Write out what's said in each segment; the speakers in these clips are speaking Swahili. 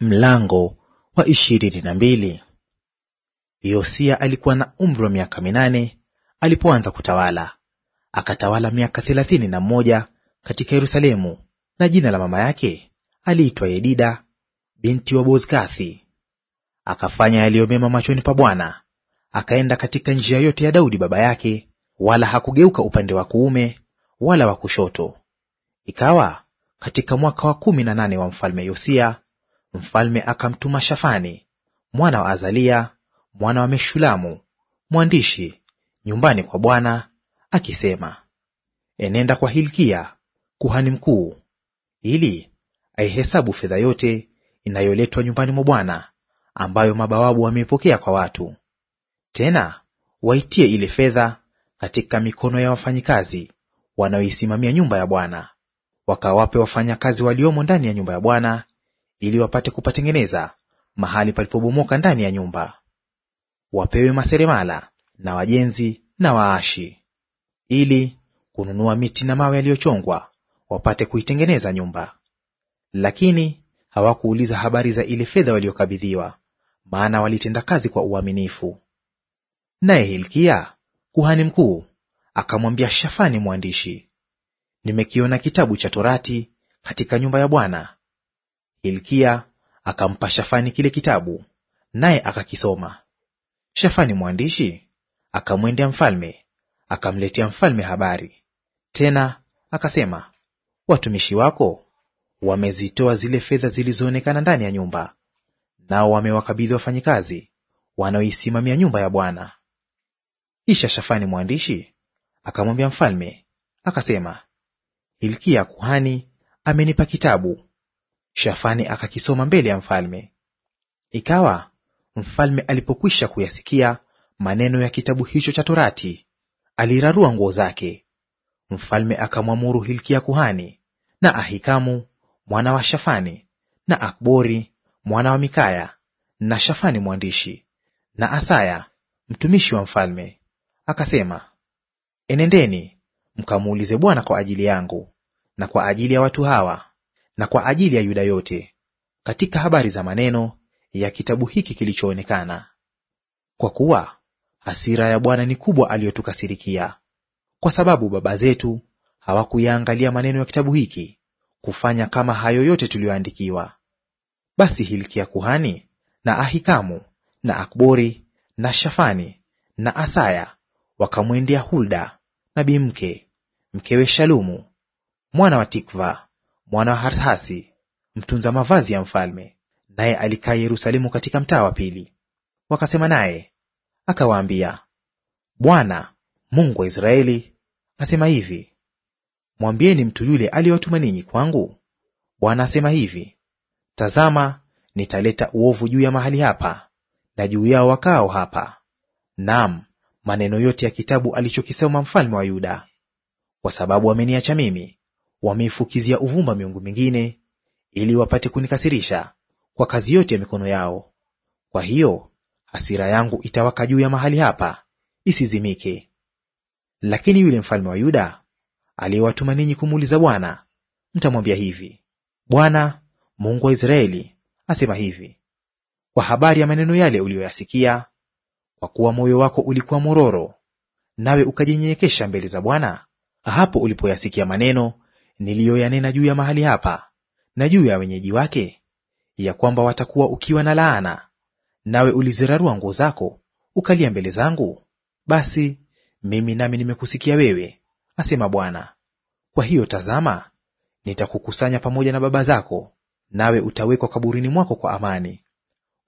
Mlango wa ishirini na mbili. Yosia alikuwa na umri wa miaka minane alipoanza kutawala, akatawala miaka thelathini na moja katika Yerusalemu, na jina la mama yake aliitwa Yedida binti wa Bozkathi. Akafanya yaliyomema machoni pa Bwana, akaenda katika njia yote ya Daudi baba yake, wala hakugeuka upande wa kuume wala wa kushoto. Ikawa katika mwaka wa kumi na nane wa mfalme Yosia Mfalme akamtuma Shafani mwana wa Azalia mwana wa Meshulamu mwandishi nyumbani kwa Bwana akisema, enenda kwa Hilkia kuhani mkuu, ili aihesabu fedha yote inayoletwa nyumbani mwa Bwana ambayo mabawabu wameipokea kwa watu, tena waitie ile fedha katika mikono ya wafanyikazi wanaoisimamia nyumba ya Bwana, wakawape wafanyakazi waliomo ndani ya nyumba ya Bwana ili wapate kupatengeneza mahali palipobomoka ndani ya nyumba. Wapewe maseremala na wajenzi na waashi, ili kununua miti na mawe yaliyochongwa wapate kuitengeneza nyumba. Lakini hawakuuliza habari za ile fedha waliokabidhiwa maana walitenda kazi kwa uaminifu. Naye Hilkia kuhani mkuu akamwambia Shafani mwandishi, nimekiona kitabu cha Torati katika nyumba ya Bwana Hilkia akampa Shafani kile kitabu, naye akakisoma. Shafani mwandishi akamwendea mfalme, akamletea mfalme habari. Tena akasema, watumishi wako wamezitoa zile fedha zilizoonekana ndani ya nyumba, nao wamewakabidhi wafanyikazi wanaoisimamia nyumba ya Bwana. Kisha Shafani mwandishi akamwambia mfalme akasema, Hilkia kuhani amenipa kitabu Shafani akakisoma mbele ya mfalme. Ikawa mfalme alipokwisha kuyasikia maneno ya kitabu hicho cha Torati, alirarua nguo zake. Mfalme akamwamuru Hilkia kuhani na Ahikamu mwana wa Shafani na Akbori mwana wa Mikaya na Shafani mwandishi na Asaya mtumishi wa mfalme, akasema, enendeni mkamuulize Bwana kwa ajili yangu na kwa ajili ya watu hawa na kwa ajili ya Yuda yote katika habari za maneno ya kitabu hiki kilichoonekana. Kwa kuwa hasira ya Bwana ni kubwa aliyotukasirikia, kwa sababu baba zetu hawakuyaangalia maneno ya kitabu hiki kufanya kama hayo yote tuliyoandikiwa. Basi Hilkia kuhani na Ahikamu na Akbori na Shafani na Asaya wakamwendea Hulda nabii mke mkewe Shalumu mwana wa Tikva mwana wa Harhasi, mtunza mavazi ya mfalme, naye alikaa Yerusalemu katika mtaa wa pili. Wakasema naye akawaambia, Bwana Mungu wa Israeli asema hivi, mwambieni mtu yule aliyewatuma ninyi kwangu, Bwana asema hivi, tazama, nitaleta uovu juu ya mahali hapa na juu yao wakao hapa, naam, maneno yote ya kitabu alichokisema mfalme wa Yuda, kwa sababu ameniacha mimi wameifukizia uvumba miungu mingine, ili wapate kunikasirisha kwa kazi yote ya mikono yao. Kwa hiyo hasira yangu itawaka juu ya mahali hapa isizimike. Lakini yule mfalme wa Yuda aliyewatuma ninyi kumuuliza Bwana, mtamwambia hivi, Bwana Mungu wa Israeli asema hivi kwa habari ya maneno yale uliyoyasikia, kwa kuwa moyo wako ulikuwa mororo, nawe ukajinyenyekesha mbele za Bwana hapo ulipoyasikia maneno niliyoyanena juu ya mahali hapa na juu ya wenyeji wake, ya kwamba watakuwa ukiwa na laana, nawe ulizirarua nguo zako ukalia mbele zangu, basi mimi nami nimekusikia wewe, asema Bwana. Kwa hiyo tazama, nitakukusanya pamoja na baba zako, nawe utawekwa kaburini mwako kwa amani,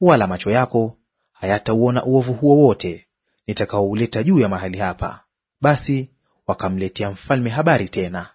wala macho yako hayatauona uovu huo wote nitakaouleta juu ya mahali hapa. Basi wakamletea mfalme habari tena.